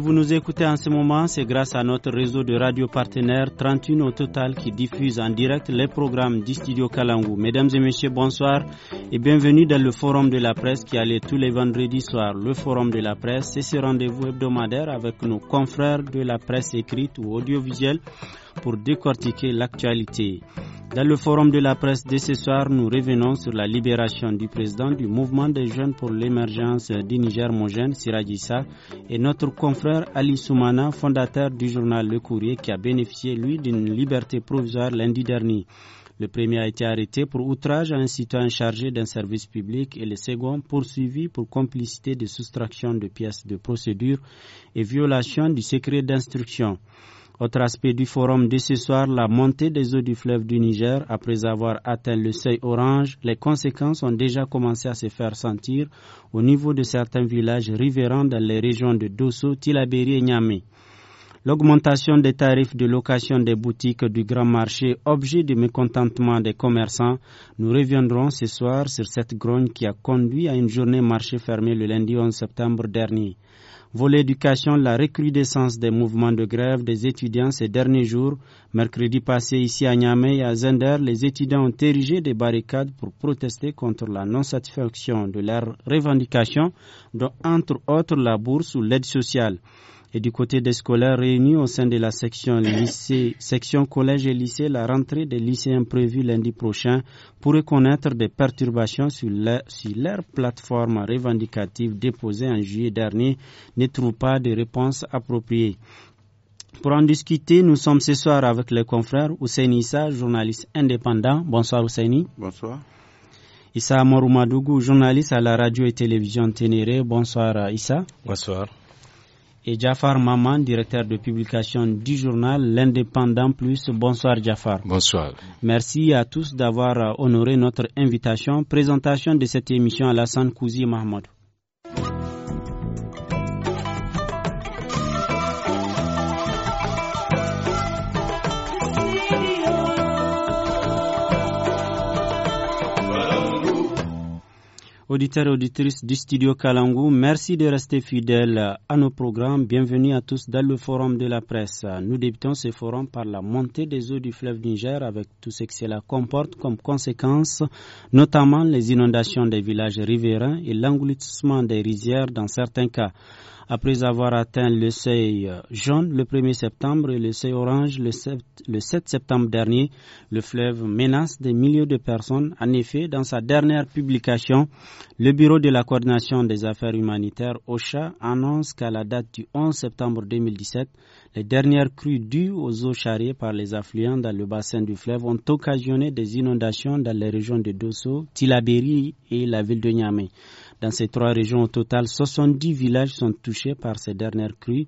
Si vous nous écoutez en ce moment, c'est grâce à notre réseau de radio partenaires 31 au total qui diffuse en direct les programmes du studio Kalangu. Mesdames et messieurs, bonsoir et bienvenue dans le forum de la presse qui allait tous les vendredis soirs. Le forum de la presse, c'est ce rendez-vous hebdomadaire avec nos confrères de la presse écrite ou audiovisuelle pour décortiquer l'actualité. Dans le forum de la presse de ce soir, nous revenons sur la libération du président du mouvement des jeunes pour l'émergence du Niger Mogène, Sirajissa, et notre confrère Ali Soumana, fondateur du journal Le Courrier, qui a bénéficié, lui, d'une liberté provisoire lundi dernier. Le premier a été arrêté pour outrage à un citoyen chargé d'un service public et le second poursuivi pour complicité de soustraction de pièces de procédure et violation du secret d'instruction. Autre aspect du forum de ce soir, la montée des eaux du fleuve du Niger. Après avoir atteint le seuil orange, les conséquences ont déjà commencé à se faire sentir au niveau de certains villages riverains dans les régions de Dosso, Tilaberi et Niamey. L'augmentation des tarifs de location des boutiques du grand marché, objet du de mécontentement des commerçants, nous reviendrons ce soir sur cette grogne qui a conduit à une journée marché fermée le lundi 11 septembre dernier. Volet éducation, la recrudescence des mouvements de grève des étudiants ces derniers jours. Mercredi passé, ici à Niamey et à Zender, les étudiants ont érigé des barricades pour protester contre la non-satisfaction de leurs revendications, dont entre autres la bourse ou l'aide sociale. Et du côté des scolaires réunis au sein de la section lycée, section collège et lycée, la rentrée des lycéens prévue lundi prochain pourrait connaître des perturbations sur leur, plateforme revendicative déposée en juillet dernier ne trouve pas de réponse appropriée. Pour en discuter, nous sommes ce soir avec les confrères Hussein Issa, journaliste indépendant. Bonsoir Husseini. Bonsoir. Issa Madougou, journaliste à la radio et télévision Ténéré. Bonsoir Issa. Bonsoir et Jafar Maman, directeur de publication du journal L'Indépendant Plus. Bonsoir Jafar. Bonsoir. Merci à tous d'avoir honoré notre invitation. Présentation de cette émission à la et Mahmoud. auditeurs et auditrices du studio Kalangou, merci de rester fidèles à nos programmes. Bienvenue à tous dans le forum de la presse. Nous débutons ce forum par la montée des eaux du fleuve Niger avec tout ce que cela comporte comme conséquence, notamment les inondations des villages riverains et l'engloutissement des rizières dans certains cas après avoir atteint le seuil jaune le 1er septembre et le seuil orange le 7, septembre dernier. Le fleuve menace des milliers de personnes. En effet, dans sa dernière publication, le Bureau de la coordination des affaires humanitaires, OCHA, annonce qu'à la date du 11 septembre 2017, les dernières crues dues aux eaux charriées par les affluents dans le bassin du fleuve ont occasionné des inondations dans les régions de Dosso, Tilaberi et la ville de Niamey. Dans ces trois régions, au total, 70 villages sont touchés par ces dernières crues.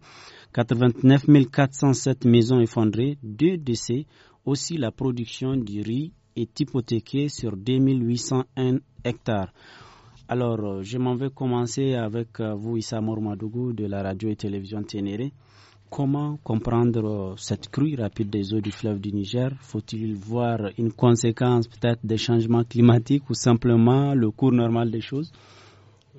89 407 maisons effondrées, deux décès. Aussi, la production du riz est hypothéquée sur 2801 hectares. Alors, euh, je m'en vais commencer avec euh, vous, Issa Mormadougou, de la radio et télévision Ténéré. Comment comprendre euh, cette crue rapide des eaux du fleuve du Niger Faut-il voir une conséquence peut-être des changements climatiques ou simplement le cours normal des choses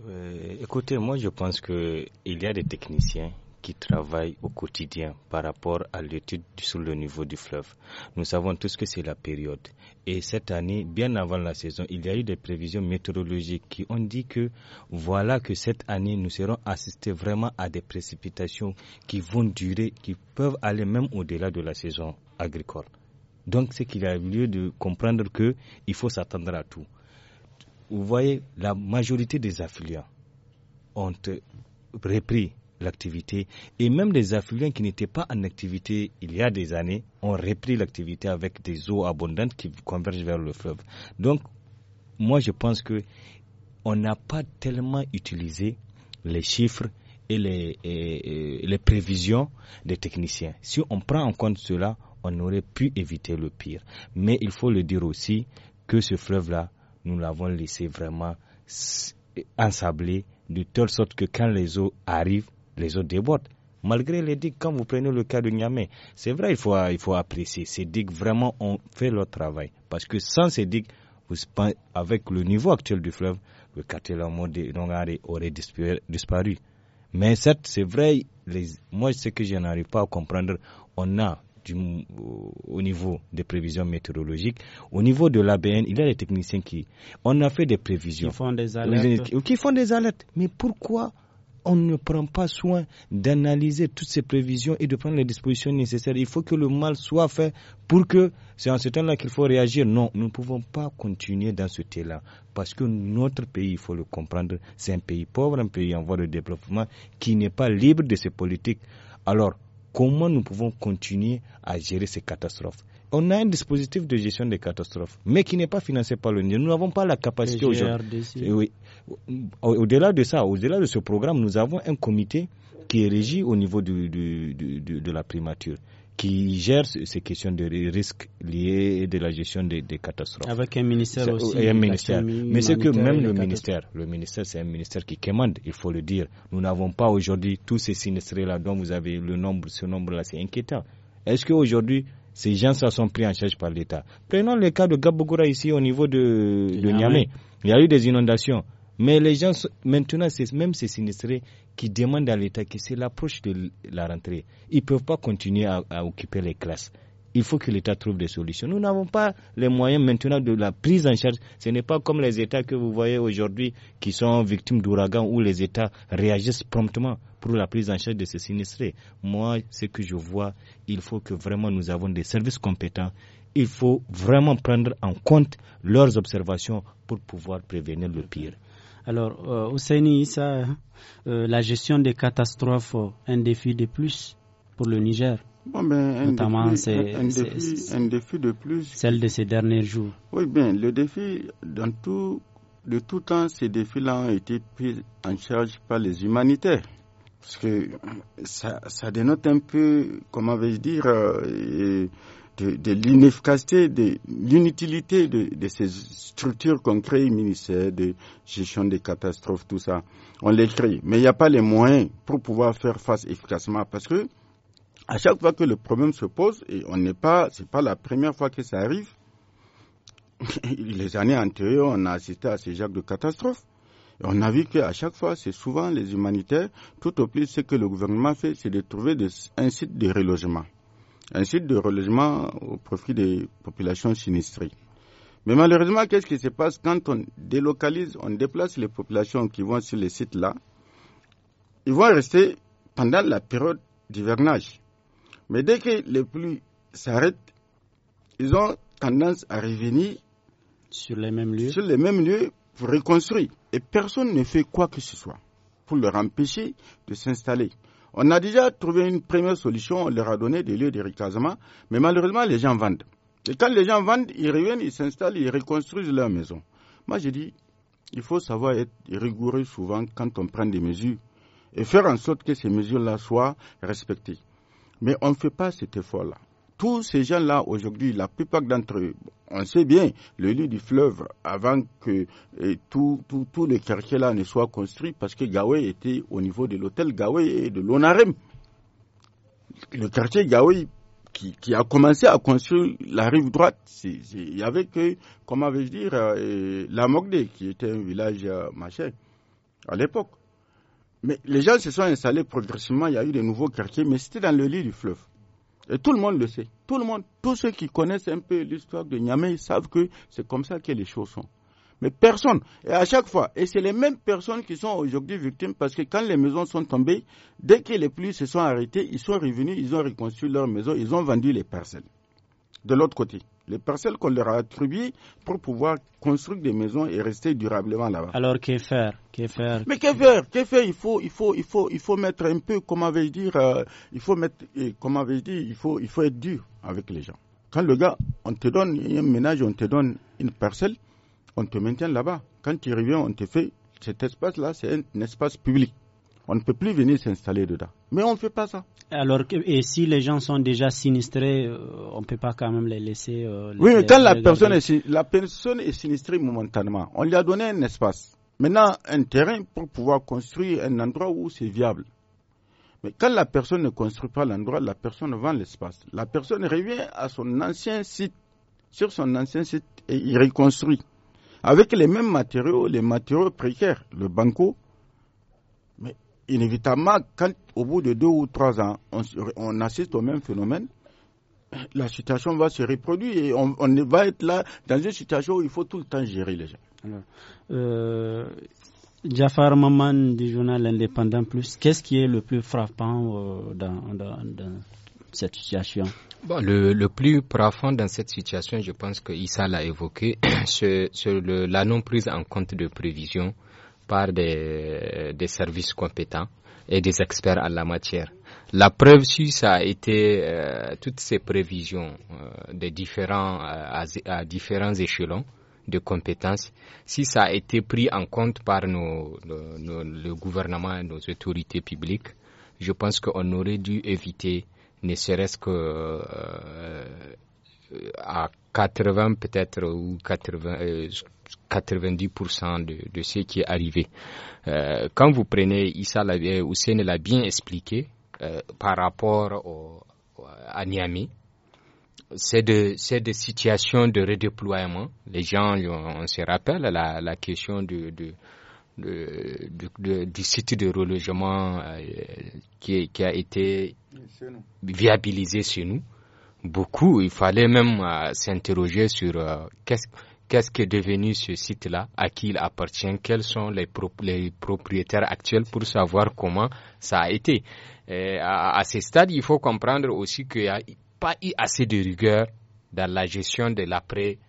euh, écoutez, moi je pense qu'il y a des techniciens qui travaillent au quotidien par rapport à l'étude sur le niveau du fleuve. Nous savons tous que c'est la période. Et cette année, bien avant la saison, il y a eu des prévisions météorologiques qui ont dit que voilà que cette année, nous serons assistés vraiment à des précipitations qui vont durer, qui peuvent aller même au-delà de la saison agricole. Donc, c'est qu'il y a lieu de comprendre qu'il faut s'attendre à tout vous voyez, la majorité des affluents ont euh, repris l'activité et même les affluents qui n'étaient pas en activité il y a des années ont repris l'activité avec des eaux abondantes qui convergent vers le fleuve. Donc, moi je pense que on n'a pas tellement utilisé les chiffres et les prévisions des techniciens. Si on prend en compte cela, on aurait pu éviter le pire. Mais il faut le dire aussi que ce fleuve-là, nous l'avons laissé vraiment ensablé de telle sorte que quand les eaux arrivent, les eaux débordent. Malgré les digues, quand vous prenez le cas de Niamey, c'est vrai, il faut, il faut apprécier. Ces digues vraiment ont fait leur travail. Parce que sans ces digues, avec le niveau actuel du fleuve, le quartier Lamont de aurait disparu. Mais certes, c'est vrai, moi, ce que je n'arrive pas à comprendre, on a au niveau des prévisions météorologiques. Au niveau de l'ABN, il y a des techniciens qui... On a fait des prévisions. Qui font des alertes. Qui font des alertes. Mais pourquoi on ne prend pas soin d'analyser toutes ces prévisions et de prendre les dispositions nécessaires. Il faut que le mal soit fait pour que c'est en ce temps-là qu'il faut réagir. Non, nous ne pouvons pas continuer dans ce thé-là parce que notre pays, il faut le comprendre, c'est un pays pauvre, un pays en voie de développement qui n'est pas libre de ses politiques. Alors, comment nous pouvons continuer à gérer ces catastrophes. On a un dispositif de gestion des catastrophes, mais qui n'est pas financé par l'ONU. Nous n'avons pas la capacité aujourd'hui. Au-delà de ça, au-delà de ce programme, nous avons un comité qui est régi au niveau de la primature qui gère ces questions de risques liés et de la gestion des, catastrophes. Avec un ministère aussi. ministère. Mais c'est que même le ministère, le ministère, c'est un ministère qui commande, il faut le dire. Nous n'avons pas aujourd'hui tous ces sinistrés-là dont vous avez le nombre, ce nombre-là, c'est inquiétant. Est-ce qu'aujourd'hui, ces gens-là sont pris en charge par l'État Prenons le cas de Gabogura ici au niveau de, de Niamey. Il y a eu des inondations. Mais les gens, maintenant, même ces sinistrés qui demandent à l'État que c'est l'approche de la rentrée. Ils ne peuvent pas continuer à, occuper les classes il faut que l'État trouve des solutions. Nous n'avons pas les moyens maintenant de la prise en charge. Ce n'est pas comme les États que vous voyez aujourd'hui qui sont victimes d'ouragans où les États réagissent promptement pour la prise en charge de ces sinistrés. Moi, ce que je vois, il faut que vraiment nous avons des services compétents. Il faut vraiment prendre en compte leurs observations pour pouvoir prévenir le pire. Alors, euh, Ousseini Issa, euh, la gestion des catastrophes, euh, un défi de plus pour le Niger bon, ben, un Notamment, c'est, un, de plus. Celle de ces derniers jours. Oui, bien, le défi, dans tout, de tout temps, ces défis-là ont été pris en charge par les humanitaires parce que ça, ça, dénote un peu, comment vais-je dire, euh, de, l'inefficacité, de l'inutilité de, ces structures qu'on crée, ministère de gestion des catastrophes, tout ça. On les crée, mais il n'y a pas les moyens pour pouvoir faire face efficacement parce que à chaque fois que le problème se pose, et on n'est pas, c'est pas la première fois que ça arrive. les années antérieures, on a assisté à ces jacques de catastrophes. et On a vu qu'à chaque fois, c'est souvent les humanitaires, tout au plus ce que le gouvernement fait, c'est de trouver un site de relogement un site de relogement au profit des populations sinistrées. Mais malheureusement, qu'est-ce qui se passe quand on délocalise, on déplace les populations qui vont sur les sites-là Ils vont rester pendant la période d'hivernage. Mais dès que les pluies s'arrêtent, ils ont tendance à revenir sur les mêmes lieux, sur les mêmes lieux pour reconstruire. Et personne ne fait quoi que ce soit pour leur empêcher de s'installer. On a déjà trouvé une première solution, on leur a donné des lieux de recasement, mais malheureusement, les gens vendent. Et quand les gens vendent, ils reviennent, ils s'installent, ils reconstruisent leur maison. Moi, j'ai dit, il faut savoir être rigoureux souvent quand on prend des mesures et faire en sorte que ces mesures-là soient respectées. Mais on ne fait pas cet effort-là tous ces gens-là, aujourd'hui, la plupart d'entre eux, on sait bien, le lit du fleuve, avant que tous tout, tout, le quartier-là ne soit construit, parce que Gawé était au niveau de l'hôtel Gawé et de l'Onarem. Le quartier Gawé, qui, a commencé à construire la rive droite, il y avait que, comment vais-je dire, euh, la Mogde, qui était un village euh, machin, à l'époque. Mais les gens se sont installés progressivement, il y a eu des nouveaux quartiers, mais c'était dans le lit du fleuve. Et tout le monde le sait. Tout le monde, tous ceux qui connaissent un peu l'histoire de Niamey savent que c'est comme ça que les choses sont. Mais personne, et à chaque fois, et c'est les mêmes personnes qui sont aujourd'hui victimes parce que quand les maisons sont tombées, dès que les pluies se sont arrêtées, ils sont revenus, ils ont reconstruit leurs maisons, ils ont vendu les parcelles de l'autre côté les parcelles qu'on leur a attribuées pour pouvoir construire des maisons et rester durablement là-bas. Alors, que faire, faire Mais que faire, il, faut, il, il, faut, mettre un peu, comment vais-je dire, euh, il faut être dur avec les gens. Quand le gars, on te donne un ménage, on te donne une parcelle, on te maintient là-bas. Quand tu reviens, on te fait cet espace-là, c'est un espace public. On ne peut plus venir s'installer dedans. Mais on ne fait pas ça. Alors, que, et si les gens sont déjà sinistrés, euh, on ne peut pas quand même les laisser. Euh, oui, mais quand la personne, est, la personne est sinistrée momentanément, on lui a donné un espace. Maintenant, un terrain pour pouvoir construire un endroit où c'est viable. Mais quand la personne ne construit pas l'endroit, la personne vend l'espace. La personne revient à son ancien site, sur son ancien site, et il reconstruit. Avec les mêmes matériaux, les matériaux précaires, le banco, inévitablement, quand, au bout de deux ou trois ans, on, assiste au même phénomène, la situation va se reproduire et on, va être là dans une situation où il faut tout le temps gérer les gens. Euh, Jafar Maman du journal Indépendant Plus, qu'est-ce qui est le plus frappant euh, dans, cette situation le, plus frappant dans cette situation, je pense que Issa l'a évoqué, c'est la non prise en compte de prévisions par des, des services compétents et des experts en la matière. La preuve si ça a été euh, toutes ces prévisions euh, des différents euh, à, différents échelons de compétences, si ça a été pris en compte par nos, le gouvernement et nos autorités publiques, je pense qu'on aurait dû éviter, ne serait-ce que à 80 peut-être ou 80, 90% euh, de, de, ce qui est arrivé. Euh, quand vous prenez Issa Hussein l'a bien expliqué euh, par rapport au, à Niamey, c'est de, de situations de redéploiement. Les gens, on, se rappelle la, la question de, de de, du site de relogement euh, qui, qui, a été viabilisé chez nous beaucoup. Il fallait même euh, s'interroger sur euh, qu'est-ce quest qui est devenu ce site-là, à qui il appartient, quels sont les, propriétaires actuels pour savoir comment ça a été. Et à, ce stade, il faut comprendre aussi qu'il n'y a pas eu assez de rigueur dans la gestion de l'après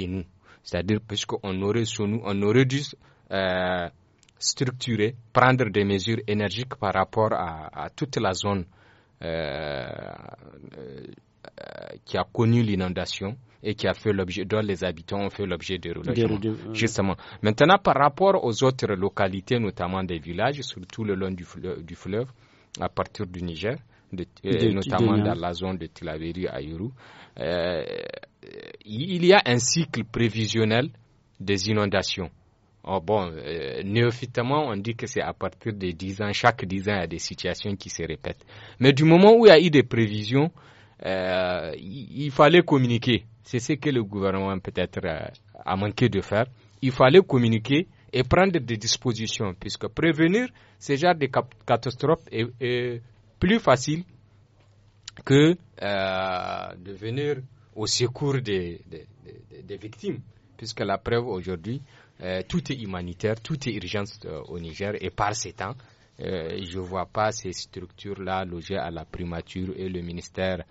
nous C'est-à-dire, puisqu'on aurait nous, on aurait dû euh, structurer, prendre des mesures énergiques par rapport à, toute la zone euh, euh euh, qui a connu l'inondation et qui a fait l'objet, dont les habitants ont fait l'objet de relogement. Euh. justement. Maintenant, par rapport aux autres localités, notamment des villages, surtout le long du fleuve, euh, du fleuve à partir du Niger, notamment dans la zone de Tilaveri à il y a un cycle prévisionnel des inondations. Oh, bon, néophytement, on dit que c'est à partir de 10 ans, chaque 10 ans, il y a des situations qui se répètent. Mais du moment où il y a eu des prévisions, euh, il fallait communiquer. C'est ce que le gouvernement peut-être euh, a manqué de faire. Il fallait communiquer et prendre des dispositions, puisque prévenir ce genre de catastrophe est, plus facile que euh, de venir au secours des, des, victimes, puisque la preuve aujourd'hui, tout est humanitaire, tout est urgence au Niger, et par ces temps, je ne vois pas ces structures-là logées à la primature et le ministère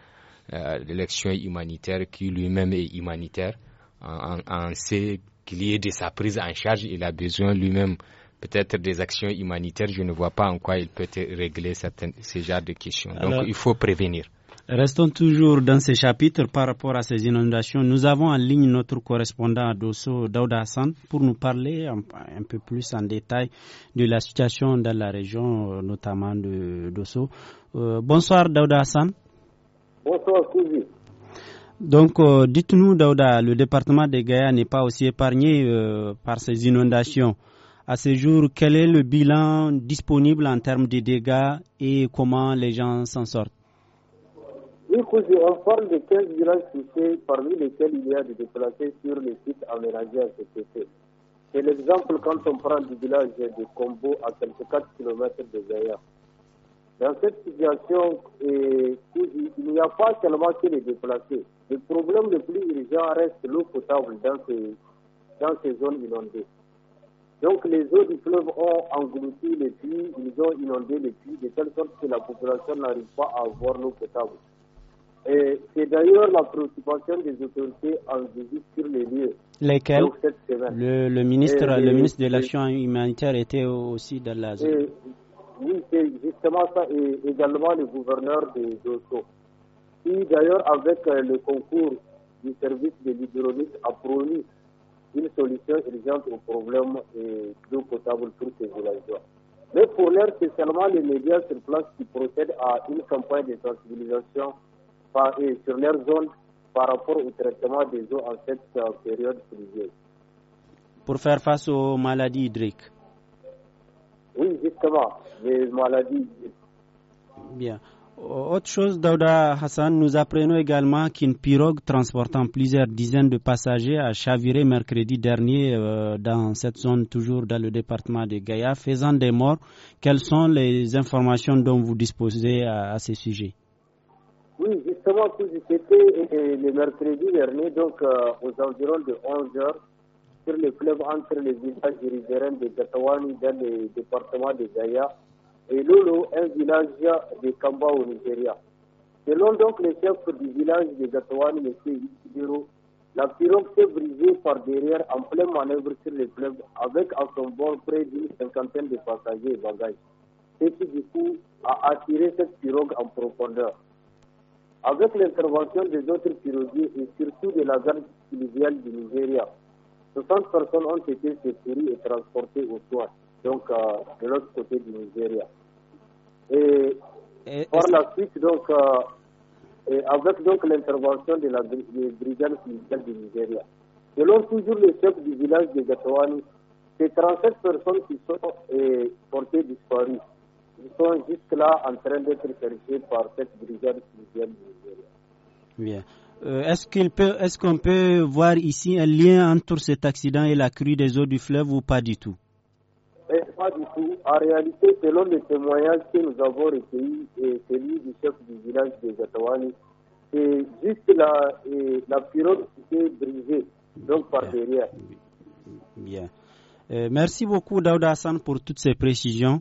euh, l'élection humanitaire qui lui-même est humanitaire. On, sait qu'il y de sa prise en charge, il a besoin lui-même peut-être des actions humanitaires. Je ne vois pas en quoi il peut régler certaines, ce genre de questions. Donc il faut prévenir. Restons toujours dans ce chapitre par rapport à ces inondations. Nous avons en ligne notre correspondant à Dosso, Daouda Hassan, pour nous parler un, peu plus en détail de la situation dans la région, euh, notamment de Dosso. Euh, bonsoir Daouda Hassan. Bonsoir, Kouzi. Donc, euh, dites-nous, Daouda, le département de Gaïa n'est pas aussi épargné euh, par ces inondations. À ce jour, quel est le bilan disponible en termes de dégâts et comment les gens s'en sortent Oui, Kouzi, on parle de 15 villages touchés, parmi lesquels il y a des déplacés sur les sites aménagés à C'est l'exemple quand on prend du village de Combo à quelques km de Gaïa. Dans cette situation, euh, il n'y a pas seulement que les déplacés. Le problème le plus urgent reste l'eau potable dans ces, dans ces zones inondées. Donc les eaux du fleuve ont englouti les puits, ils ont inondé les puits de telle sorte que la population n'arrive pas à avoir l'eau potable. C'est d'ailleurs la préoccupation des autorités en visite sur les lieux. Lesquels le, le, ministre, le ministre de l'Action humanitaire était aussi dans la zone. Oui, c'est justement ça et également le gouverneur de Dosso, qui d'ailleurs avec euh, le concours du service de l'hydrologie a promis une solution urgente au problème d'eau potable pour ces villageois. Mais pour l'heure, c'est seulement les médias sur place qui procèdent à une campagne de sensibilisation sur leur zone par rapport au traitement des eaux en cette euh, période pluvieuse. Pour faire face aux maladies hydriques oui, justement, les maladies. Bien. Autre chose, Dauda Hassan, nous apprenons également qu'une pirogue transportant plusieurs dizaines de passagers a chaviré mercredi dernier euh, dans cette zone, toujours dans le département de Gaïa, faisant des morts. Quelles sont les informations dont vous disposez à, ce sujet Oui, justement, tout c'était euh, le mercredi dernier, donc euh, aux environs de 11 heures, sur le fleuve entre les villages riverains de Gatouani dans le département de Gaïa et Lolo, un village de Kamba au Nigeria. Selon donc le chef du village de Gatouani, M. Isidoro, la pirogue s'est brisée par derrière en pleine manœuvre sur le fleuve avec à son bord près d'une cinquantaine de passagers et bagages, ce qui du coup a attiré cette pirogue en profondeur. Avec l'intervention des autres pirogues et surtout de la garde civile du Nigeria, 60 personnes ont été séparées et transportées au soin, donc euh, de l'autre côté du Nigeria. Et, par la suite, donc, euh, avec donc l'intervention de la brigade militaire du Nigeria. Selon toujours le chef du village de Gatouani, ces 37 personnes qui sont euh, portées disparues, ils sont jusque-là en train d'être cherchées par cette brigade militaire du Nigeria. Bien. Euh, est-ce qu'on peut, est qu'on peut voir ici un lien entre cet accident et la crue des eaux du fleuve ou pas du tout Pas du tout. En réalité, selon les témoignages que nous avons recueillis et celui du chef du village de Atawani, c'est juste la, la pirogue qui s'est brisée, donc par derrière. Bien. Euh, merci beaucoup, Daouda Hassan, pour toutes ces précisions.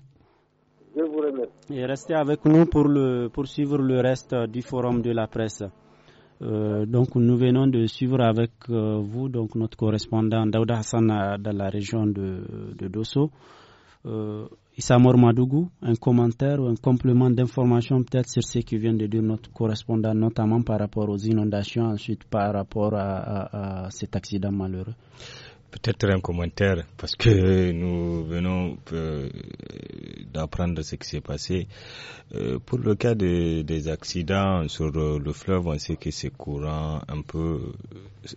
Je vous remercie. Et restez avec nous pour, le, pour suivre le reste du forum de la presse. Euh, donc nous venons de suivre avec euh, vous donc notre correspondant Daouda Hassan euh, dans la région de, de Dosso. Euh, Madougou, un commentaire ou un complément d'information peut-être sur ce qui vient de dire notre correspondant, notamment par rapport aux inondations, ensuite par rapport à cet accident malheureux. Peut-être un commentaire, parce que nous venons euh, d'apprendre ce qui s'est passé. Euh, pour le cas des accidents sur euh, le fleuve, on sait que c'est courant un peu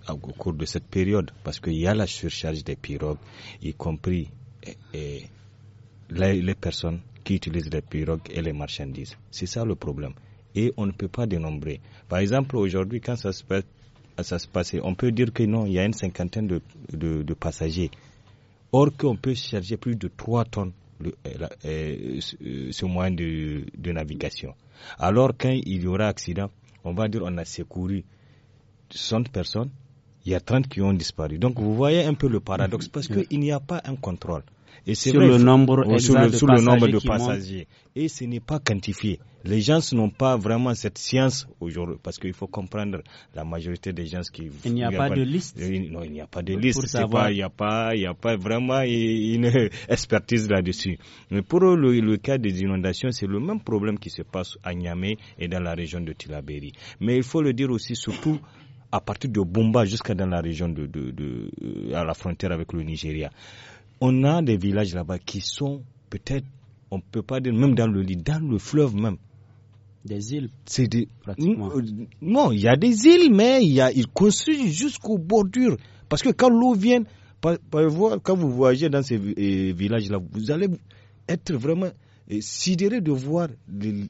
au cours de cette période, parce qu'il y a la surcharge des pirogues, y compris les personnes qui utilisent les pirogues et les marchandises. C'est ça le problème et on ne peut pas dénombrer. Par exemple, aujourd'hui, quand ça se passe se On peut dire que non, il y a une cinquantaine de, passagers. Or qu'on peut charger plus de 3 tonnes euh, euh, euh, ce moyen de, navigation. Alors quand il y aura accident, on va dire on a secouru 100 personnes, il y a 30 qui ont disparu. Donc vous voyez un peu le paradoxe parce mm-hmm. qu'il n'y a pas un contrôle. Et sur, le nombre de passagers. Et ce n'est pas quantifié. Les gens n'ont pas vraiment cette science aujourd'hui, parce qu'il faut comprendre la majorité des gens qui. Il n'y a, pas de liste. Euh, non, il n'y a pas de liste. il n'y a pas, vraiment une expertise là-dessus. Mais pour le, cas des inondations, c'est le même problème qui se passe à Niamey et dans la région de Tilaberi. Mais il faut le dire aussi, surtout à partir de Bomba jusqu'à dans la région de, euh, à la frontière avec le Nigeria on a des villages là-bas qui sont peut-être, on peut pas dire, même dans le lit, dans le fleuve même. Des îles C'est des... Pratiquement. Euh, non, il y a des îles, mais il y a, ils construisent jusqu'aux bordures. Parce que quand l'eau vient, quand vous voyagez dans ces euh, villages-là, vous allez être vraiment euh, sidéré de voir les,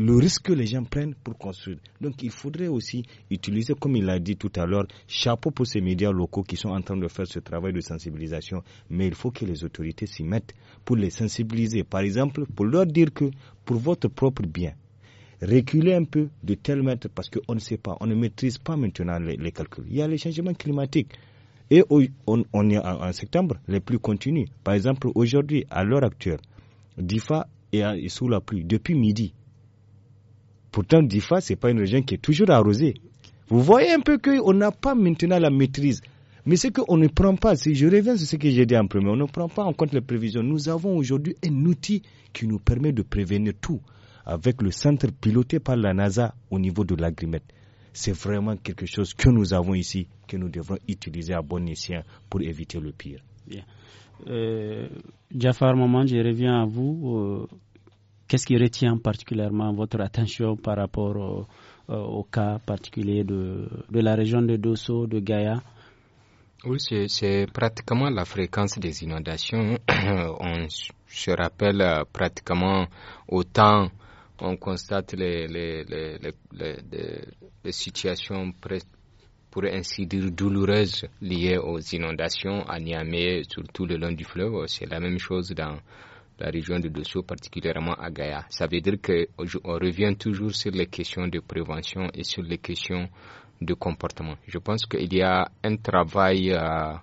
le risque que les gens prennent pour construire. Donc il faudrait aussi utiliser, comme il a dit tout à l'heure, chapeau pour ces médias locaux qui sont en train de faire ce travail de sensibilisation. Mais il faut que les autorités s'y mettent pour les sensibiliser. Par exemple, pour leur dire que pour votre propre bien, reculez un peu de tel mètre parce qu'on ne sait pas, on ne maîtrise pas maintenant les, calculs. Il y a les changements climatiques. Et on, est en, septembre, les plus continus. Par exemple, aujourd'hui, à l'heure actuelle, DIFA est sous la pluie depuis midi. Pourtant, Difa, ce n'est pas une région qui est toujours arrosée. Vous voyez un peu qu'on n'a pas maintenant la maîtrise. Mais ce qu'on ne prend pas, si je reviens sur ce que j'ai dit en premier, on ne prend pas en compte les prévisions. Nous avons aujourd'hui un outil qui nous permet de prévenir tout avec le centre piloté par la NASA au niveau de la l'agrimètre. C'est vraiment quelque chose que nous avons ici, que nous devrons utiliser à bon escient pour éviter le pire. Bien. Euh, Jafar Maman, je reviens à vous. Euh, Qu'est-ce qui retient particulièrement votre attention par rapport au, euh, cas particulier de, la région de Dosso, de Gaïa oui, c'est pratiquement la fréquence des inondations. on se rappelle euh, pratiquement autant on constate les, les, les situations, pour ainsi dire, douloureuses liées aux inondations à Niamey, surtout le long du fleuve. C'est la même chose dans la région de dessous particulièrement à Gaïa. Ça veut dire qu'on revient toujours sur les questions de prévention et sur les questions de comportement. Je pense qu'il y a un travail euh,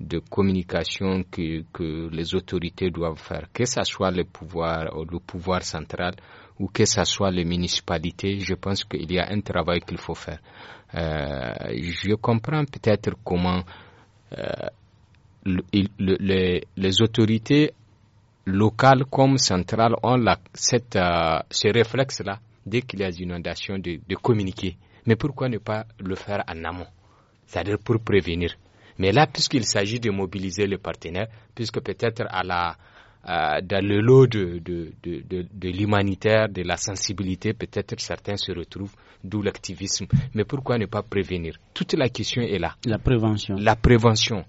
de communication que, les autorités doivent faire, que ce soit le pouvoir, euh, le pouvoir central ou que ce soit les municipalités, je pense qu'il y a un travail qu'il faut faire. Euh, je comprends peut-être comment euh, les, les autorités Local comme central ont cette, euh, ce réflexe-là dès qu'il y a des inondations de, communiquer. Mais pourquoi ne pas le faire en amont C'est-à-dire pour prévenir. Mais là, puisqu'il s'agit de mobiliser les partenaires, puisque peut-être à la, euh, dans le lot de, de, de, de l'humanitaire, de la sensibilité, peut-être certains se retrouvent, d'où l'activisme. Mais pourquoi ne pas prévenir Toute la question est là. La prévention. La prévention.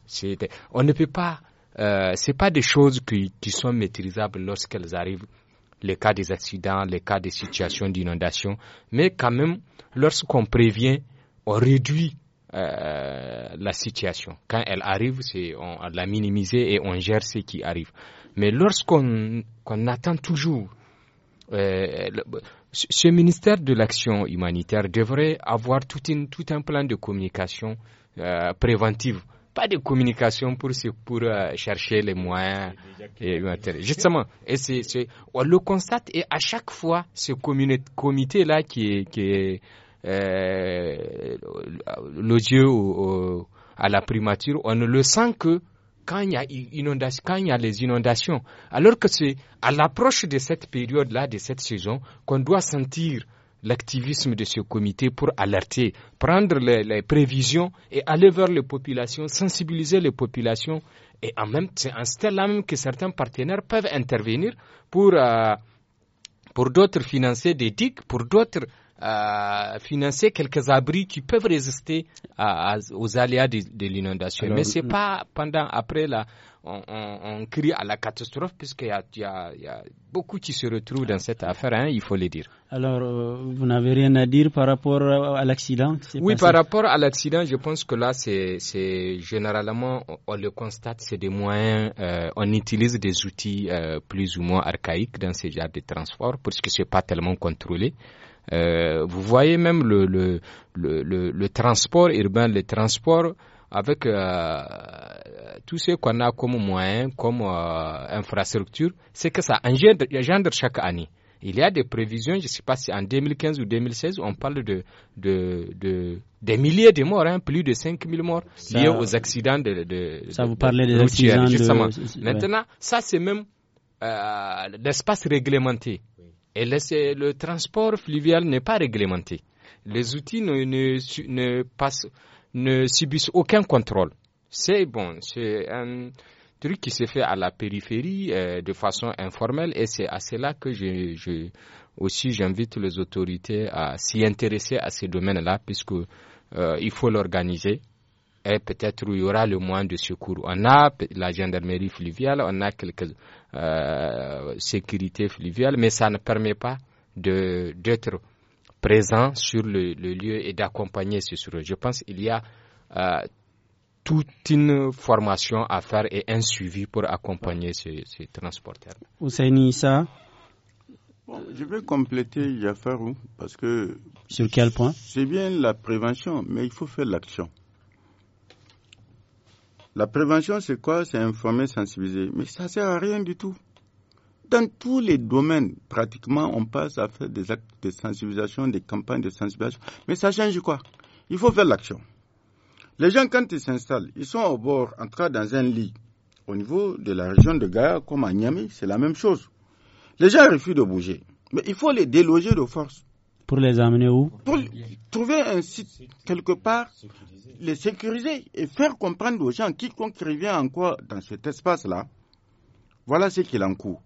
On ne peut pas ce euh, c'est pas des choses qui, sont maîtrisables lorsqu'elles arrivent, les cas des accidents, les cas des situations d'inondation, mais quand même, lorsqu'on prévient, on réduit euh, la situation. Quand elle arrive, c'est on, la minimise et on gère ce qui arrive. Mais lorsqu'on qu'on attend toujours, euh, ce ministère de l'action humanitaire devrait avoir tout, tout un plan de communication préventive pas de communication pour, pour euh, chercher les moyens Justement, et c'est on le constate et à chaque fois, ce comité-là qui est, qui est euh, l'odieux à la primature, on ne le sent que quand il y a, inondation, quand il y a les inondations. Alors que c'est à l'approche de cette période-là, de cette saison, qu'on doit sentir l'activisme de ce comité pour alerter, prendre les, prévisions et aller vers les populations, sensibiliser les populations. Et en même c'est en là même que certains partenaires peuvent intervenir pour, euh, pour d'autres financer des digues, pour d'autres financer quelques abris qui peuvent résister aux aléas de, l'inondation. Mais c'est pas pendant, après là on, on, crie à la catastrophe puisqu'il y, y, y a, beaucoup qui se retrouvent dans cette affaire, hein, il faut le dire. Alors, euh, vous n'avez rien à dire par rapport à l'accident Oui, par rapport à l'accident, je pense que là, c'est généralement, on, le constate, c'est des moyens, euh, on utilise des outils euh, plus ou moins archaïques dans ces genres de transport parce que c'est pas tellement contrôlé. Euh, vous voyez même le, le, le, le, transport urbain, le transport avec euh, tout ce qu'on a comme moyens, comme euh, infrastructure, c'est que ça engendre, chaque année. Il y a des prévisions, je ne sais pas si en 2015 ou 2016, on parle de, de, de des milliers de morts, hein, plus de 5000 morts liés aux accidents de, de Ça, vous parlait des accidents justement. Maintenant, ça, c'est même euh, l'espace réglementé. Et le, le transport fluvial n'est pas réglementé. Les outils ne, ne, ne, passent, ne subissent aucun contrôle. C'est bon, c'est un truc qui se fait à la périphérie euh, de façon informelle et c'est à cela que je, je aussi j'invite les autorités à s'y intéresser à ces domaines-là puisque euh, il faut l'organiser et peut-être il y aura le moins de secours. On a la gendarmerie fluviale, on a quelques euh, sécurité fluviale, mais ça ne permet pas d'être présent sur le, lieu et d'accompagner ce sujet. Je pense qu'il y a euh, toute une formation à faire et un suivi pour accompagner ces, transporteurs. Ousseini ça. Je vais compléter Jafarou parce que. Sur quel point C'est bien la prévention, mais il faut faire l'action. La prévention, c'est quoi C'est informer, sensibiliser. Mais ça sert à rien du tout. Dans tous les domaines, pratiquement, on passe à faire des actes de sensibilisation, des campagnes de sensibilisation. Mais ça change quoi Il faut faire l'action. Les gens, quand ils s'installent, ils sont au bord, en train dans un lit. Au niveau de la région de Gaïa, comme à Niamey, c'est la même chose. Les gens refusent de bouger. Mais il faut les déloger de force. Pour les amener où Pour trouver un site quelque part, les sécuriser et faire comprendre aux gens, quiconque revient encore dans cet espace-là, voilà ce qu'il en coûte.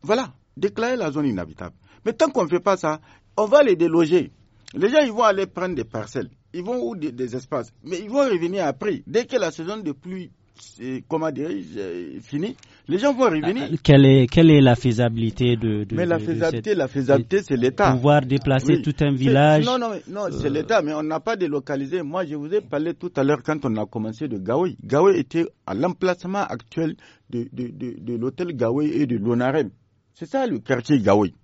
Voilà, déclarer la zone inhabitable. Mais tant qu'on ne fait pas ça, on va les déloger. Les gens, ils vont aller prendre des parcelles, ils vont ou des espaces, mais ils vont revenir après. Dès que la saison de pluie comment fini, les gens vont revenir. Ah, quelle est, la faisabilité de, de la faisabilité, c'est l'État. Pouvoir déplacer ah tout un village. Non, non, non, c'est euh, l'État, mais on n'a pas délocalisé. Moi, je vous ai parlé tout à l'heure quand on a commencé de Gawé. Gawé était à l'emplacement actuel de, de l'hôtel Gawé et de l'Onarem. C'est ça le quartier Gaoui.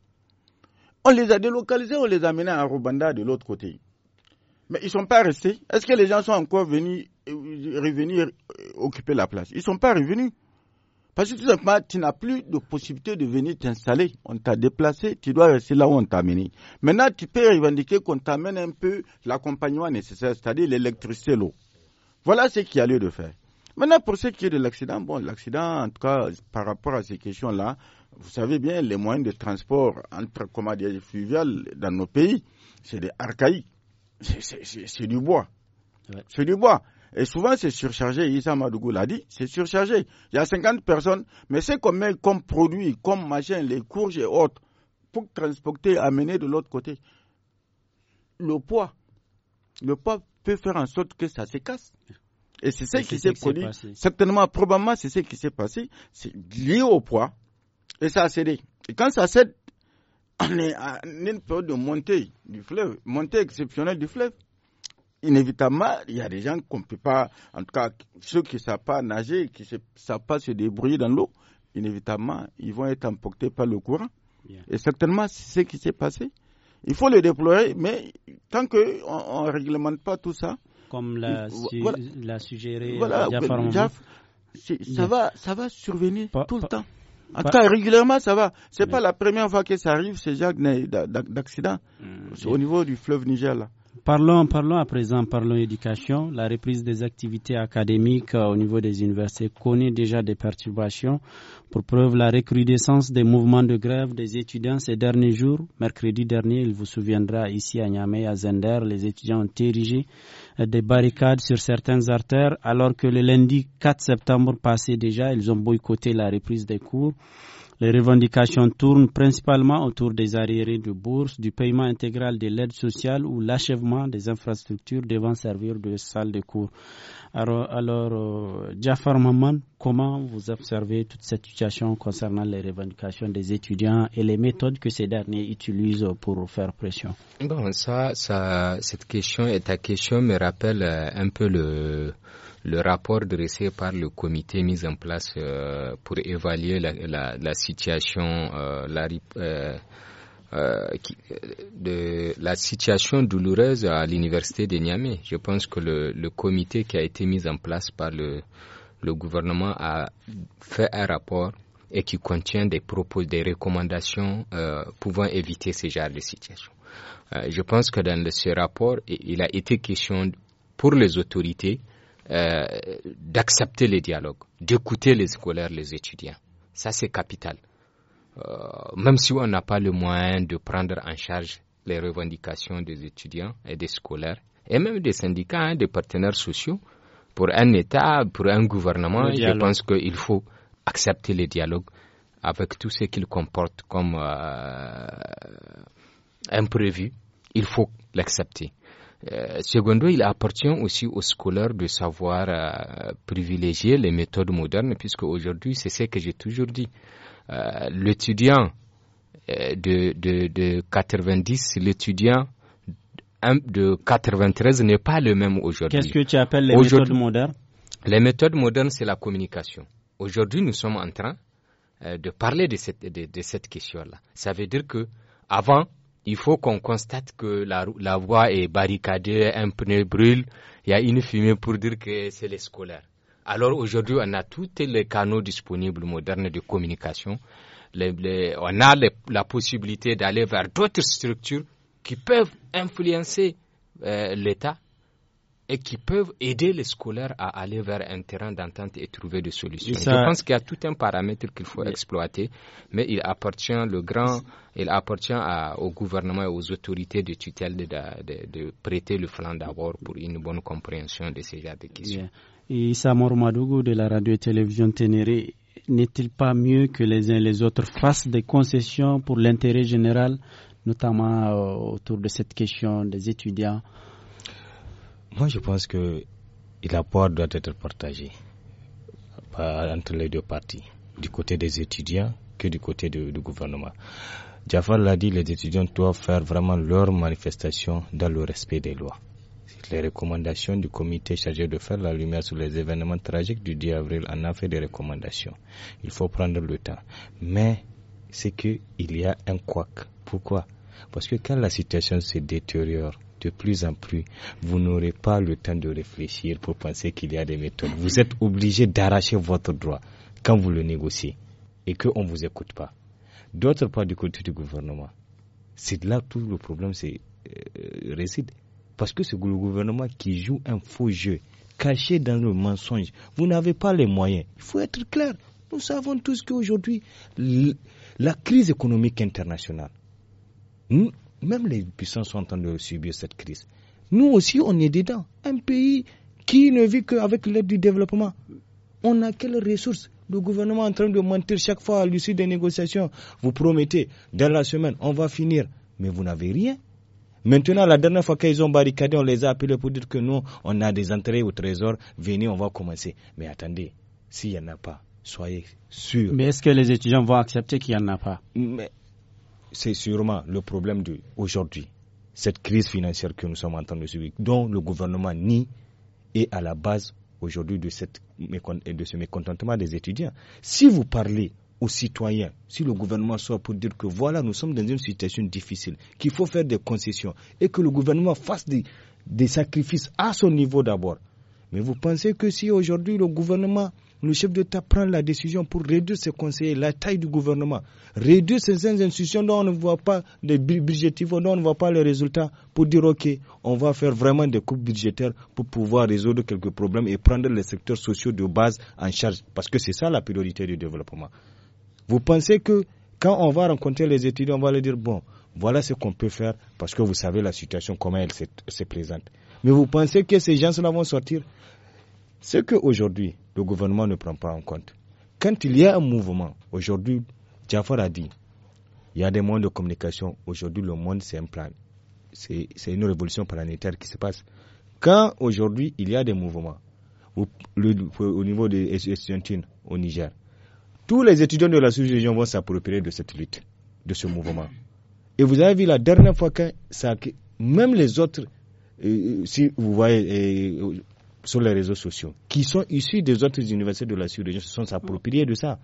On les a délocalisés, on les a menés à Rubanda de l'autre côté. Mais ils ne sont pas restés. Est-ce que les gens sont encore venus euh, revenir euh, occuper la place Ils ne sont pas revenus. Parce que tout simplement, tu n'as plus de possibilité de venir t'installer. On t'a déplacé, tu dois rester là où on t'a amené. Maintenant, tu peux revendiquer qu'on t'amène un peu l'accompagnement nécessaire, c'est-à-dire l'électricité, l'eau. Voilà ce qu'il y a lieu de faire. Maintenant, pour ce qui est de l'accident, bon, l'accident, en tout cas, par rapport à ces questions-là, vous savez bien, les moyens de transport entre, comment et fluviales dans nos pays, c'est des archaïques c'est du bois. C'est du bois. Et souvent, c'est surchargé. Isa Madougou l'a dit, c'est surchargé. Il y a 50 personnes, mais c'est comme comme produit, comme machin, les courges et autres, pour transporter, amener de l'autre côté. Le poids, le poids peut faire en sorte que ça se casse. Et c'est ce qui s'est produit. Certainement, probablement, c'est ce qui s'est passé. C'est lié au poids. Et ça a cédé. Et quand ça cède, on est à une période de montée du fleuve, montée exceptionnelle du fleuve. Inévitablement, il y a des gens qu'on ne peut pas, en tout cas ceux qui ne savent pas nager, qui ne savent pas se débrouiller dans l'eau, inévitablement, ils vont être emportés par le courant. Et certainement, c'est ce qui s'est passé. Il faut le déplorer, mais tant qu'on ne réglemente pas tout ça. Comme l'a suggéré euh, ça, va, ça va survenir tout le temps. En tout cas, régulièrement, ça va. C'est pas la première fois que ça arrive, ces genre d'accident. Mmh. Au niveau du fleuve Niger, là. Parlons, parlons à présent, parlons éducation. La reprise des activités académiques euh, au niveau des universités connaît déjà des perturbations. Pour preuve, la recrudescence des mouvements de grève des étudiants ces derniers jours. Mercredi dernier, il vous souviendra, ici à Niamey, à Zender, les étudiants ont érigé euh, des barricades sur certaines artères, alors que le lundi 4 septembre passé déjà, ils ont boycotté la reprise des cours. Les revendications tournent principalement autour des arriérés de bourse, du paiement intégral de l'aide sociale ou l'achèvement des infrastructures devant servir de salle de cours. Alors, alors euh, Maman, comment vous observez toute cette situation concernant les revendications des étudiants et les méthodes que ces derniers utilisent pour faire pression Bon, ça, cette question est ta question me rappelle euh, un peu le le rapport dressé par le comité mis en place euh, pour évaluer la, la, la situation, euh, la, euh, euh de, la situation douloureuse à l'université de Niamey. Je pense que le, le, comité qui a été mis en place par le, le gouvernement a fait un rapport et qui contient des propos, des recommandations pouvant éviter ce genre de situation. je pense que dans ce rapport, il a été question pour les autorités euh, d'accepter les dialogues, d'écouter les scolaires, les étudiants. Ça, c'est capital. Euh, même si on n'a pas le moyen de prendre en charge les revendications des étudiants et des scolaires, et même des syndicats, hein, des partenaires sociaux, pour un État, pour un gouvernement, je pense qu'il faut accepter les dialogues avec tout ce qu'ils comportent comme euh, imprévu. Il faut l'accepter. Euh, secondo, il appartient aussi aux scolaires de savoir euh, privilégier les méthodes modernes, puisque aujourd'hui, c'est ce que j'ai toujours dit. Euh, l'étudiant de, 90, l'étudiant de 93 n'est pas le même aujourd'hui. Qu'est-ce que tu appelles les méthodes modernes Les méthodes modernes, c'est la communication. Aujourd'hui, nous sommes en train de parler de cette, de, de cette question-là. Ça veut dire que avant, il faut qu'on constate que la, la, voie est barricadée, un pneu brûle, il y a une fumée pour dire que c'est les scolaires. Alors aujourd'hui, on a tous les canaux disponibles modernes de communication. on a la possibilité d'aller vers d'autres structures qui peuvent influencer euh, l'État, et qui peuvent aider les scolaires à aller vers un terrain d'entente et trouver des solutions. Je pense qu'il y a tout un paramètre qu'il faut exploiter, mais il appartient le grand, il appartient au gouvernement et aux autorités de tutelle de, prêter le flanc d'abord pour une bonne compréhension de ces de questions. Et Issa Madougou de la radio et télévision Ténéré, n'est-il pas mieux que les uns et les autres fassent des concessions pour l'intérêt général, notamment euh, autour de cette question des étudiants? Moi, je pense que l'apport doit être partagé entre les deux parties, du côté des étudiants que du côté du, gouvernement. Jafar l'a dit, les étudiants doivent faire vraiment leur manifestation dans le respect des lois. Les recommandations du comité chargé de faire la lumière sur les événements tragiques du 10 avril en a fait des recommandations. Il faut prendre le temps. Mais c'est qu'il y a un couac. Pourquoi Parce que quand la situation se détériore, de plus en plus, vous n'aurez pas le temps de réfléchir pour penser qu'il y a des méthodes. Vous êtes obligé d'arracher votre droit quand vous le négociez et qu'on ne vous écoute pas. D'autre part, du côté du gouvernement, c'est là tout le problème c'est, euh, réside. Parce que c'est le gouvernement qui joue un faux jeu, caché dans le mensonge. Vous n'avez pas les moyens. Il faut être clair. Nous savons tous qu'aujourd'hui, la crise économique internationale, nous, même les puissances sont en train de subir cette crise. Nous aussi, on est dedans. Un pays qui ne vit qu'avec l'aide du développement. On a quelles ressources Le gouvernement est en train de mentir chaque fois à l'issue des négociations. Vous promettez, dans la semaine, on va finir. Mais vous n'avez rien. Maintenant, la dernière fois qu'ils ont barricadé, on les a appelés pour dire que nous, on a des entrées au trésor, venez, on va commencer. Mais attendez, s'il n'y en a pas, soyez sûrs. Mais est-ce que les étudiants vont accepter qu'il n'y en a pas c'est sûrement le problème d'aujourd'hui. Cette crise financière que nous sommes en train de subir, dont le gouvernement nie, est à la base aujourd'hui de, de ce mécontentement des étudiants. Si vous parlez aux citoyens, si le gouvernement soit pour dire que voilà, nous sommes dans une situation difficile, qu'il faut faire des concessions et que le gouvernement fasse des, des sacrifices à son niveau d'abord. Mais vous pensez que si aujourd'hui le gouvernement le chef d'État prend la décision pour réduire ses conseillers, la taille du gouvernement, réduire ces institutions dont on ne voit pas les objectifs, dont on ne voit pas les résultats, pour dire OK, on va faire vraiment des coupes budgétaires pour pouvoir résoudre quelques problèmes et prendre les secteurs sociaux de base en charge, parce que c'est ça la priorité du développement. Vous pensez que quand on va rencontrer les étudiants, on va leur dire bon, voilà ce qu'on peut faire, parce que vous savez la situation, comment elle se, présente. Mais vous pensez que ces gens-là vont sortir Ce qu'aujourd'hui, le gouvernement ne prend pas en compte. Quand il y a un mouvement, aujourd'hui, Jafar a dit, il y a des moyens de communication. Aujourd'hui, le monde, c'est un plan. C'est une révolution planétaire qui se passe. Quand aujourd'hui, il y a des mouvements, au, au niveau des étudiants au Niger, tous les étudiants de la sous-région vont s'approprier de cette lutte, de ce mouvement. Et vous avez vu la dernière fois que ça, même les autres, euh, si vous voyez, euh, sur les réseaux sociaux, qui sont issus des autres universités de la sous-région, se sont appropriés de ça.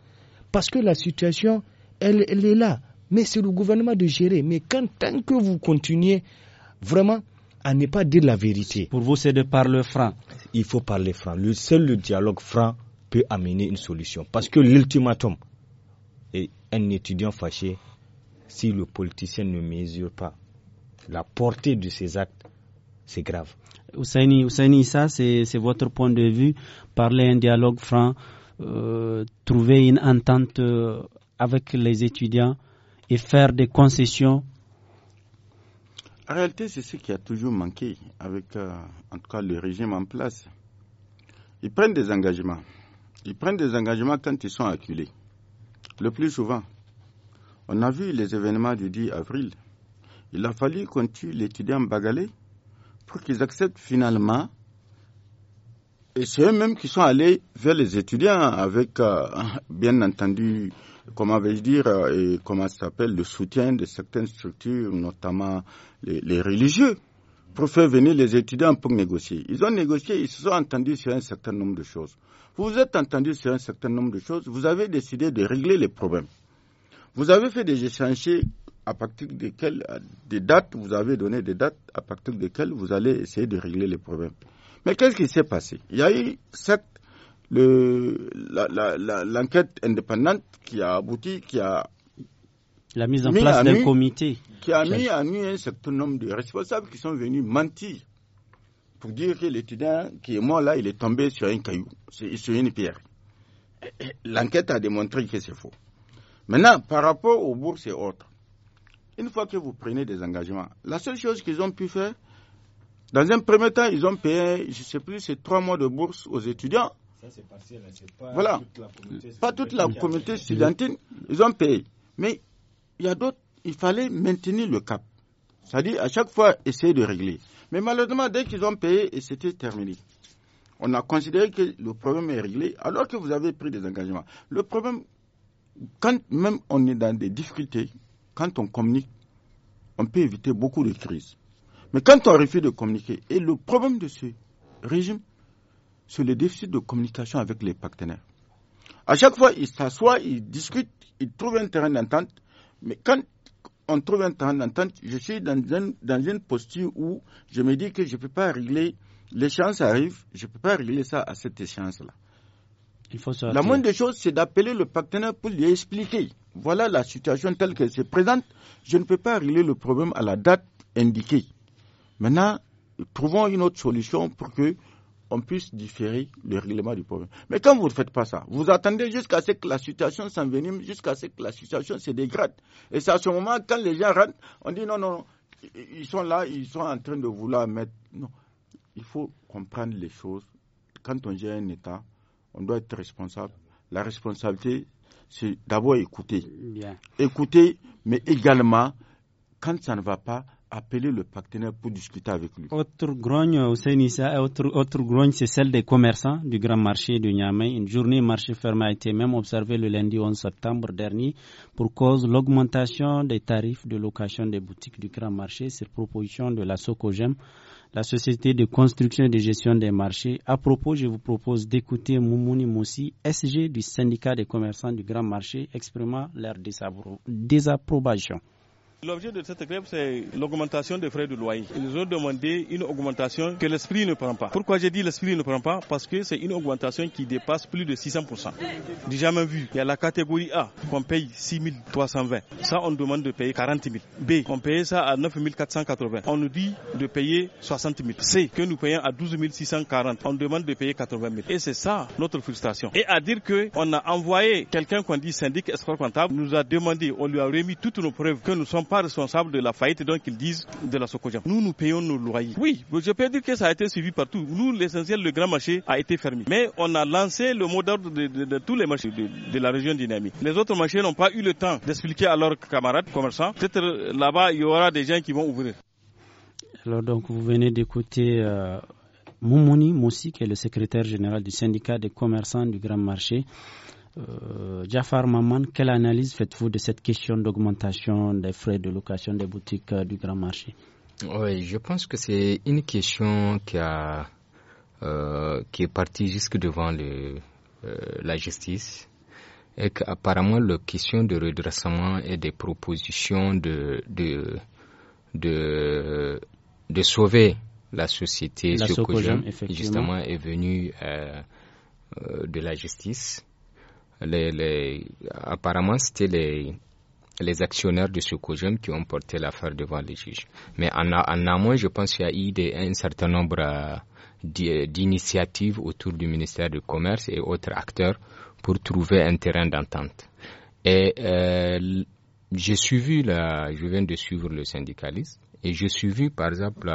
Parce que la situation, elle, est là. Mais c'est le gouvernement de gérer. Mais tant que vous continuez vraiment à ne pas dire la vérité. Pour vous, c'est de parler franc. Il faut parler franc. Le seul le dialogue franc peut amener une solution. Parce que l'ultimatum est un étudiant fâché si le politicien ne mesure pas la portée de ses actes c'est grave. Ousseini, ça c'est votre point de vue. Parler un dialogue franc, euh, trouver une entente euh, avec les étudiants et faire des concessions en réalité, c'est ce qui a toujours manqué avec, euh, en tout cas, le régime en place. Ils prennent des engagements. Ils prennent des engagements quand ils sont acculés. Le plus souvent. On a vu les événements du 10 avril. Il a fallu qu'on tue l'étudiant Bagalé pour qu'ils acceptent finalement. Et c'est eux-mêmes qui sont allés vers les étudiants avec, euh, bien entendu, comment vais-je dire, euh, et comment ça s'appelle, le soutien de certaines structures, notamment les, les, religieux, pour faire venir les étudiants pour négocier. Ils ont négocié, ils se sont entendus sur un certain nombre de choses. Vous vous êtes entendus sur un certain nombre de choses, vous avez décidé de régler les problèmes. Vous avez fait des échanges à partir desquelles, des dates, vous avez donné des dates à partir desquelles vous allez essayer de régler les problèmes. Mais qu'est-ce qui s'est passé Il y a eu cette l'enquête indépendante qui a abouti, qui a la mise en place d'un comité, qui a mis à nu un certain nombre de responsables qui sont venus mentir pour dire que l'étudiant qui est mort là, il est tombé sur un caillou, sur une pierre. L'enquête a démontré que c'est faux. Maintenant, par rapport aux bourses et autres, une fois que vous prenez des engagements, la seule chose qu'ils ont pu faire, dans un premier temps, ils ont payé, je ne sais plus, ces trois mois de bourse aux étudiants. Ça, c'est partiel, c'est pas voilà. toute la pas toute la communauté studentine. Ils ont payé. Mais il y a d'autres, il fallait maintenir le cap. C'est-à-dire, à chaque fois, essayer de régler. Mais malheureusement, dès qu'ils ont payé, et c'était terminé. On a considéré que le problème est réglé, alors que vous avez pris des engagements. Le problème, quand même on est dans des difficultés, quand on communique, on peut éviter beaucoup de crises. Mais quand on refuse de communiquer, et le problème de ce régime, c'est le déficit de communication avec les partenaires. À chaque fois, ils s'assoient, ils discutent, ils trouvent un terrain d'entente, mais quand on trouve un terrain d'entente, je suis dans une, dans une, posture où je me dis que je ne peux pas régler, l'échéance arrive, je ne peux pas régler ça à cette échéance-là la moindre des choses, c'est d'appeler le partenaire pour lui expliquer. Voilà la situation telle qu'elle se présente. Je ne peux pas régler le problème à la date indiquée. Maintenant, trouvons une autre solution pour que on puisse différer le règlement du problème. Mais quand vous ne faites pas ça, vous attendez jusqu'à ce que la situation s'envenime, jusqu'à ce que la situation se dégrade. Et c'est à ce moment, quand les gens rentrent, on dit non, non, non, ils sont là, ils sont en train de vouloir mettre. Non, il faut comprendre les choses. Quand on gère un État, on doit être responsable. La responsabilité, c'est d'abord écouter. Écouter, mais également, quand ça ne va pas, appeler le partenaire pour discuter avec lui. Autre grogne, autre, grogne, c'est celle des commerçants du grand marché de Niamey. Une journée marché ferme a été même observée le lundi 11 septembre dernier pour cause de l'augmentation des tarifs de location des boutiques du grand marché sur proposition de la SOCOGEM la Société de construction et de gestion des marchés. À propos, je vous propose d'écouter Moumouni Moussi, SG du syndicat des commerçants du grand marché, exprimant leur désapprobation. L'objet de cette grève, c'est l'augmentation des frais de loyer. Ils nous ont demandé une augmentation que l'esprit ne prend pas. Pourquoi j'ai dit l'esprit ne prend pas Parce que c'est une augmentation qui dépasse plus de 600%. jamais vu. Il y a la catégorie A qu'on paye 6 320. Ça, on demande de payer 40 000. B, on paye ça à 9 480. On nous dit de payer 60 000. C, que nous payons à 12 640. On demande de payer 80 000. Et c'est ça notre frustration. Et à dire qu'on a envoyé quelqu'un qu'on dit syndic extra comptable, nous a demandé, on lui a remis toutes nos preuves que nous ne sommes pas responsable de la faillite donc ils disent de la Sokojam. Nous, nous payons nos loyers. Oui, je peux dire que ça a été suivi partout. Nous, l'essentiel, le grand marché a été fermé. Mais on a lancé le mot d'ordre de, tous les marchés de, la région dynamique. Les autres marchés n'ont pas eu le temps d'expliquer à leurs camarades commerçants. Peut-être là-bas, il y aura des gens qui vont ouvrir. Alors donc, vous venez d'écouter... Euh... Moumouni Moussi, qui est le secrétaire général du syndicat des commerçants du grand marché. Euh, Jafar Maman, quelle analyse faites-vous de cette question d'augmentation des frais de location des boutiques euh, du grand marché Oui, je pense que c'est une question qui, a, euh, qui est partie jusque devant la justice et qu'apparemment la question de redressement et des propositions de, sauver la société, justement, est venue de la justice apparemment, c'était les, actionnaires de ce cojum qui ont porté l'affaire devant les juges. Mais en, amont, je pense qu'il y a eu un certain nombre euh, d'initiatives autour du ministère du Commerce et autres acteurs pour trouver un terrain d'entente. Et euh, j'ai suivi, la, je viens de suivre le syndicalisme, et j'ai suivi par exemple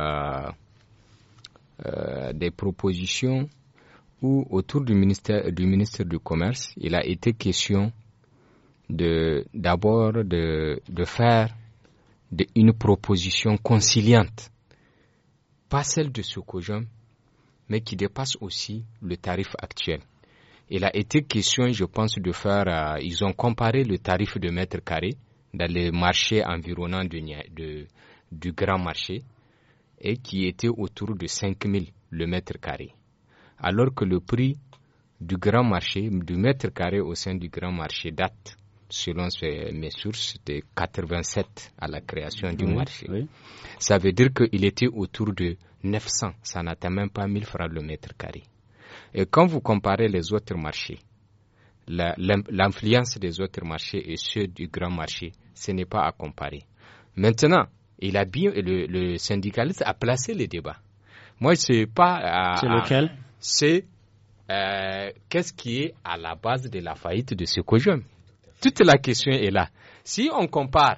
euh, des propositions où, autour du ministère du ministre du Commerce, il a été question de d'abord de, de faire de, une proposition conciliante, pas celle de Sokojom, mais qui dépasse aussi le tarif actuel. Il a été question, je pense, de faire. Euh, ils ont comparé le tarif de mètre carré dans les marchés environnants de, de, du grand marché et qui était autour de 5000 le mètre carré alors que le prix du grand marché, du mètre carré au sein du grand marché date, selon mes sources, de 87 à la création du marché. Ça veut dire qu'il était autour de 900, ça n'atteint même pas 1000 francs le mètre carré. Et quand vous comparez les autres marchés, l'influence des autres marchés et ceux du grand marché, ce n'est pas à comparer. Maintenant, il a bien, le, syndicaliste a placé les débats. Moi, je sais pas. C'est lequel c'est euh, qu'est-ce qui est à la base de la faillite de ce COGEM Toute la question est là. Si on compare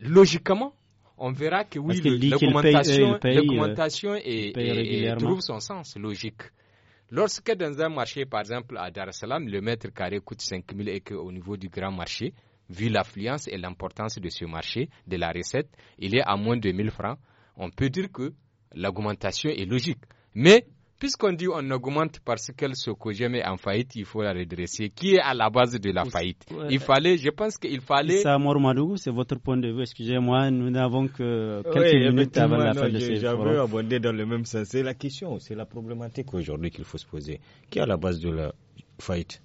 logiquement, on verra que oui, euh, l'augmentation euh, trouve son sens logique. Lorsque dans un marché, par exemple à Dar es Salaam, le mètre carré coûte 5 000 et qu'au niveau du grand marché, vu l'affluence et l'importance de ce marché, de la recette, il est à moins de 1 000 francs, on peut dire que l'augmentation est logique. Mais Puisqu'on dit on augmente parce que le est en faillite, il faut la redresser. Qui est à la base de la faillite Il fallait, je pense qu'il fallait. c'est votre point de vue. Excusez-moi, nous n'avons que quelques minutes avant la fin de ce J'avais abordé dans le même sens. C'est la question, c'est la problématique aujourd'hui qu'il faut se poser. Qui est à la base de la faillite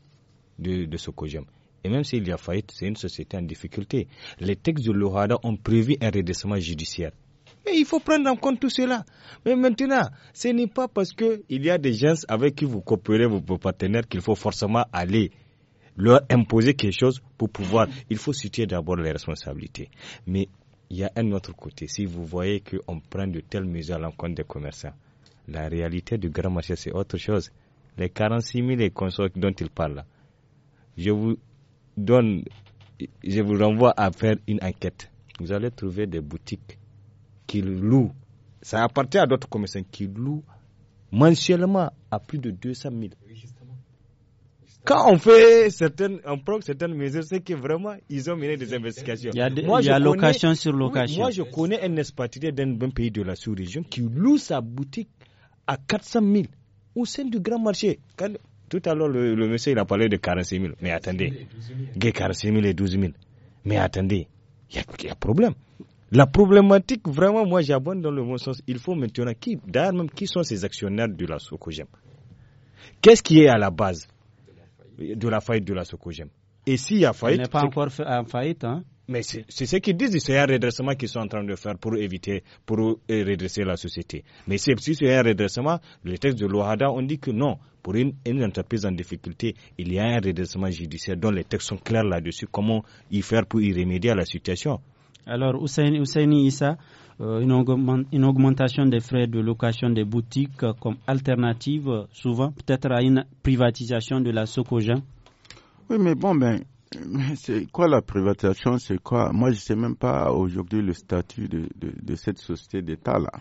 de, de et même s'il y a faillite, c'est une société en difficulté. Les textes de l'OHADA ont prévu un redressement judiciaire. Mais il faut prendre en compte tout cela. Mais maintenant, ce n'est pas parce qu'il y a des gens avec qui vous coopérez, vos partenaires, qu'il faut forcément aller leur imposer quelque chose pour pouvoir. Il faut situer d'abord les responsabilités. Mais il y a un autre côté. Si vous voyez qu'on prend de telles mesures à l'encontre des commerçants, la réalité du grand marché, c'est autre chose. Les 46 000 consorts dont il parle je vous donne, je vous renvoie à faire une enquête. Vous allez trouver des boutiques qui loue, ça appartient à d'autres commerçants qui louent mensuellement à plus de 200 000. Quand on fait certaines, on prend certaines mesures, c'est que vraiment, ils ont mené des investigations. Il y a, location sur location. moi, je connais un expatrié d'un pays de la sous-région qui loue sa boutique à 400 000 au sein du grand marché. tout à l'heure, le, monsieur, il a parlé de 46 000. Mais attendez, 46 000 et 12 000. Mais attendez, il y, a problème. La problématique, vraiment, moi j'abonde dans le bon sens. Il faut maintenant, qui, d'ailleurs même, qui sont ces actionnaires de la Socogem Qu'est-ce qui est à la base de la faillite de la Socogem Et s'il y a faillite. On n'est pas encore en faillite, hein mais c'est ce qu'ils disent, c'est un redressement qu'ils sont en train de faire pour éviter, pour redresser la société. Mais si c'est un redressement, les textes de l'OHADA ont dit que non, pour une, une, entreprise en difficulté, il y a un redressement judiciaire dont les textes sont clairs là-dessus, comment y faire pour y remédier à la situation. Alors, Ousseini Issa, euh, une, augmentation des frais de location des boutiques euh, comme alternative, euh, souvent peut-être à une privatisation de la Sokoja Oui, mais bon, ben, c'est quoi la privatisation C'est quoi Moi, je ne sais même pas aujourd'hui le statut de, de, de cette société d'État-là.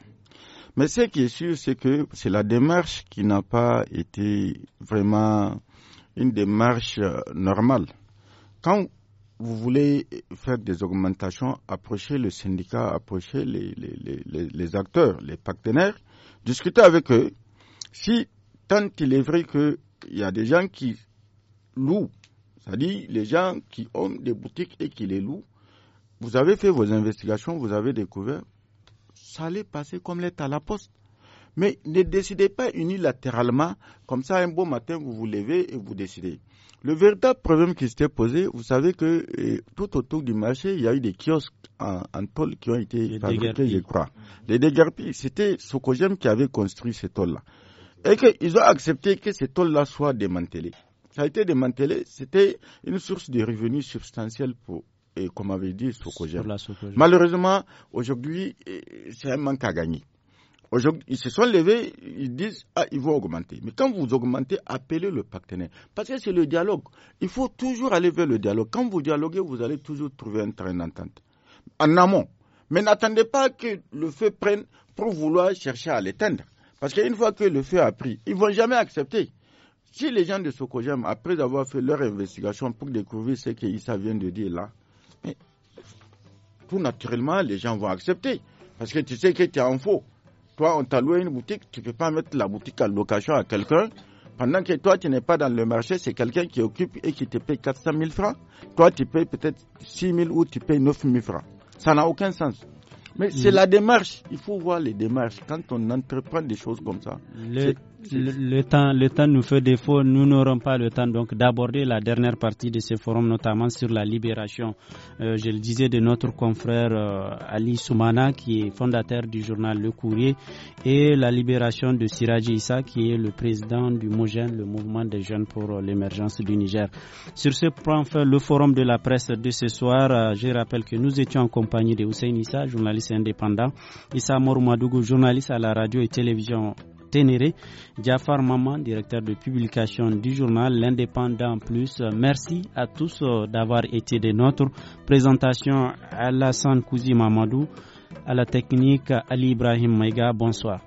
Mais ce qui est sûr, c'est que c'est la démarche qui n'a pas été vraiment une démarche normale. Quand vous voulez faire des augmentations, approchez le syndicat, approchez les, acteurs, les partenaires, discutez avec eux. Si, tant il est vrai qu'il y a des gens qui louent, c'est-à-dire les gens qui ont des boutiques et qui les louent, vous avez fait vos investigations, vous avez découvert, ça allait passer comme l'être à la poste. Mais ne décidez pas unilatéralement, comme ça un beau matin vous vous levez et vous décidez. Le véritable problème qui s'était posé, vous savez que tout autour du marché, il y a eu des kiosques en, tôle qui ont été fabriqués, je crois. Les dégarpis, c'était Sokojem qui avait construit ces tôles-là. Et qu'ils ont accepté que ces tôles-là soient démantelées. Ça a été démantelé, c'était une source de revenus substantiels pour, comme avait dit Sokojem. Malheureusement, aujourd'hui, eh, c'est un manque à gagner. Aujourd'hui, ils se sont levés, ils disent, ah, ils vont augmenter. Mais quand vous augmentez, appelez le partenaire. Parce que c'est le dialogue. Il faut toujours aller vers le dialogue. Quand vous dialoguez, vous allez toujours trouver un terrain d'entente. En amont. Mais n'attendez pas que le feu prenne pour vouloir chercher à l'éteindre. Parce qu'une fois que le feu a pris, ils ne vont jamais accepter. Si les gens de Sokojem, après avoir fait leur investigation pour découvrir ce qu'Issa vient de dire là, tout naturellement, les gens vont accepter. Parce que tu sais que tu es en faux. Toi, on t'a loué une boutique, tu ne peux pas mettre la boutique à location à quelqu'un. Pendant que toi, tu n'es pas dans le marché, c'est quelqu'un qui occupe et qui te paye 400 000 francs. Toi, tu payes peut-être 6 000 ou tu payes 9 000 francs. Ça n'a aucun sens. Mais c'est mm. la démarche. Il faut voir les démarches. Quand on entreprend des choses comme ça, le, temps, le temps nous fait défaut. Nous n'aurons pas le temps donc d'aborder la dernière partie de ce forum, notamment sur la libération. Euh, je le disais de notre confrère euh, Ali Soumana, qui est fondateur du journal Le Courrier, et la libération de Siraji Issa, qui est le président du MOGEN, le mouvement des jeunes pour euh, l'émergence du Niger. Sur ce point, le forum de la presse de ce soir. je rappelle que nous étions en compagnie de Hussein Issa, journaliste indépendant, Issa Mourmadougou, journaliste à la radio et télévision Ténéré. Jafar Maman, directeur de publication du journal L'Indépendant Plus. Merci à tous euh, d'avoir été de notre Présentation Alassane Kouzi Mamadou, à la technique Ali Ibrahim Maïga. Bonsoir.